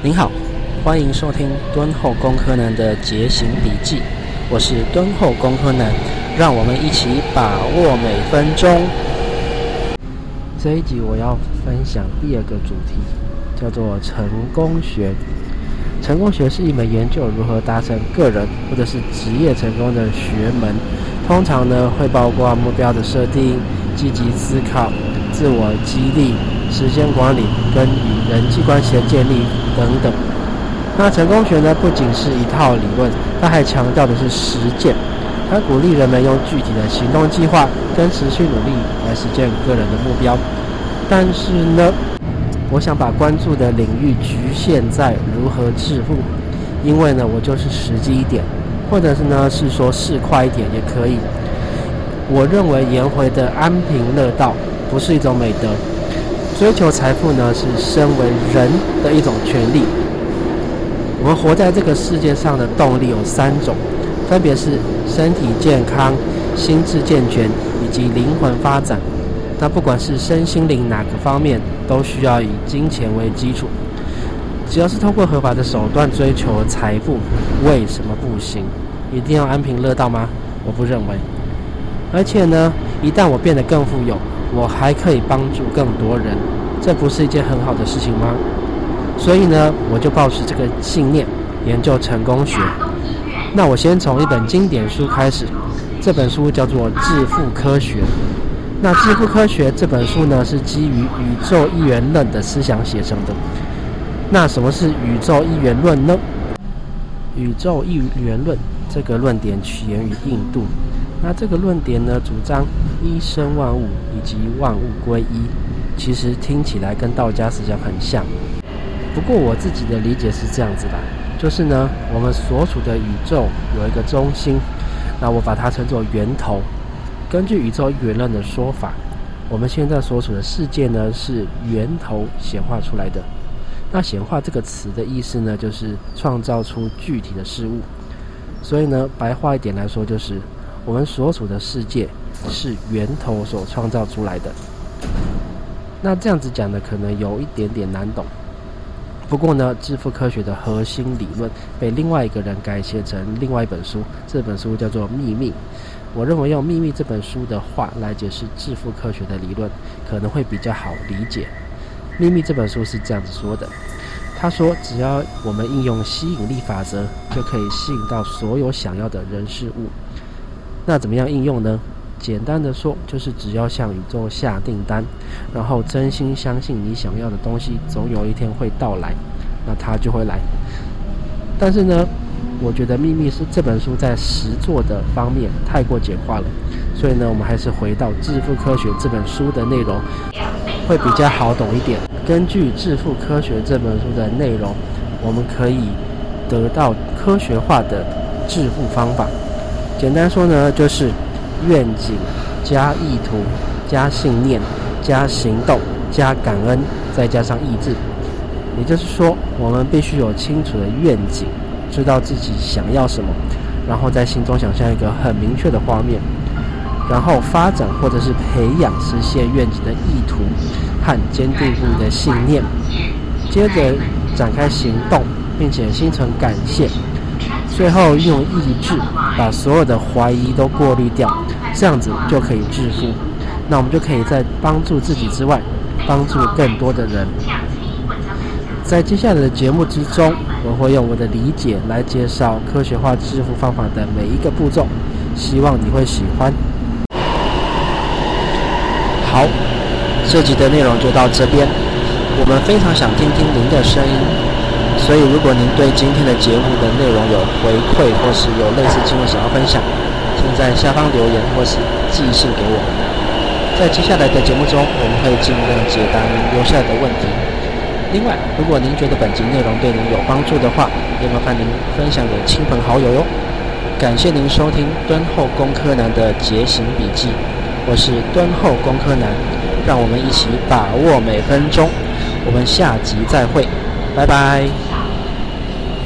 您好，歡迎收聽敦厚工科男的覺醒筆記，我是敦厚工科男，讓我們一起把握每分鐘。這一集我要分享第二個主題，叫做成功學。成功學是一門研究如何達成個人或者是職業成功的學門，通常呢會包括目標的設定、積極思考、自我激勵。時間管理跟與人際關係的建立等等。那成功學呢，不僅是一套理論，它還強調的是實踐。它鼓勵人們用具體的行動計劃跟持續努力來實現個人的目標。但是呢，我想把關注的領域局限在如何致富，因為呢，我就是實際一點，或者是呢，是說市儈一點也可以。我認為顏回的安貧樂道不是一種美德。追求財富呢，是身為人的一種權利。我們活在這個世界上的動力有三種，分別是身體健康、心智健全以及靈魂發展。那不管是身心靈哪個方面，都需要以金錢為基礎。只要是通過合法的手段追求財富，為什麼不行？一定要安貧樂道嗎？我不認為。而且呢，一旦我變得更富有，我還可以幫助更多人，這不是一件很好的事情嗎？所以呢，我就抱持這個信念，研究成功學。那我先從一本經典書開始，這本書叫做《致富科學》。那《致富科學》這本書呢，是基於宇宙一元論的思想寫成的。那什麼是宇宙一元論呢？宇宙一元論這個論點起源於印度。那這個論點呢，主張“一生萬物”以及“萬物歸一”，其實聽起來跟道家思想很像。不過我自己的理解是這樣子吧，就是呢，我們所處的宇宙有一個中心，那我把它稱作源頭。根據宇宙一元論的說法，我們現在所處的世界呢，是源頭顯化出來的。那顯化這個詞的意思呢，就是創造出具體的事物。所以呢，白話一點來說，就是。我們所處的世界是源頭所創造出來的。那這樣子講的可能有一點點難懂，不過呢，致富科學的核心理論被另外一個人改寫成另外一本書，這本書叫做《秘密》。我認為用《秘密》這本書的話來解釋致富科學的理論，可能會比較好理解。《秘密》這本書是這樣子說的：他說，只要我們應用吸引力法則，就可以吸引到所有想要的人事物。那怎麼樣應用呢？簡單的說，就是只要向宇宙下訂單，然後真心相信你想要的東西總有一天會到來，那它就會來。但是呢，我覺得秘密是這本書在實作的方面太過簡化了，所以呢，我們還是回到《致富科學》這本書的內容，會比較好懂一點。根據《致富科學》這本書的內容，我們可以得到科學化的致富方法。簡單說呢，就是願景加意圖加信念加行動加感恩，再加上意志。也就是說，我們必須有清楚的願景，知道自己想要什麼，然後在心中想象一個很明確的畫面，然後發展或者是培養實現願景的意圖和堅定不移的信念，接着展開行動，並且心存感謝。最後用意志把所有的懷疑都過濾掉，這樣子就可以致富。那我們就可以在幫助自己之外，幫助更多的人。在接下來的節目之中，我會用我的理解來介紹科學化致富方法的每一個步驟，希望你會喜歡。好，這集的內容就到這邊。我們非常想聽聽您的聲音。所以，如果您對今天的節目的內容有回饋，或是有類似經驗想要分享，請在下方留言或是寄信給我。在接下來的節目中，我們會盡量解答您留下的問題。另外，如果您覺得本集內容對您有幫助的話，也麻煩您分享給親朋好友喲。感謝您收聽敦厚工科男的節形筆記，我是敦厚工科男，讓我們一起把握每分鐘。我們下集再會，拜拜。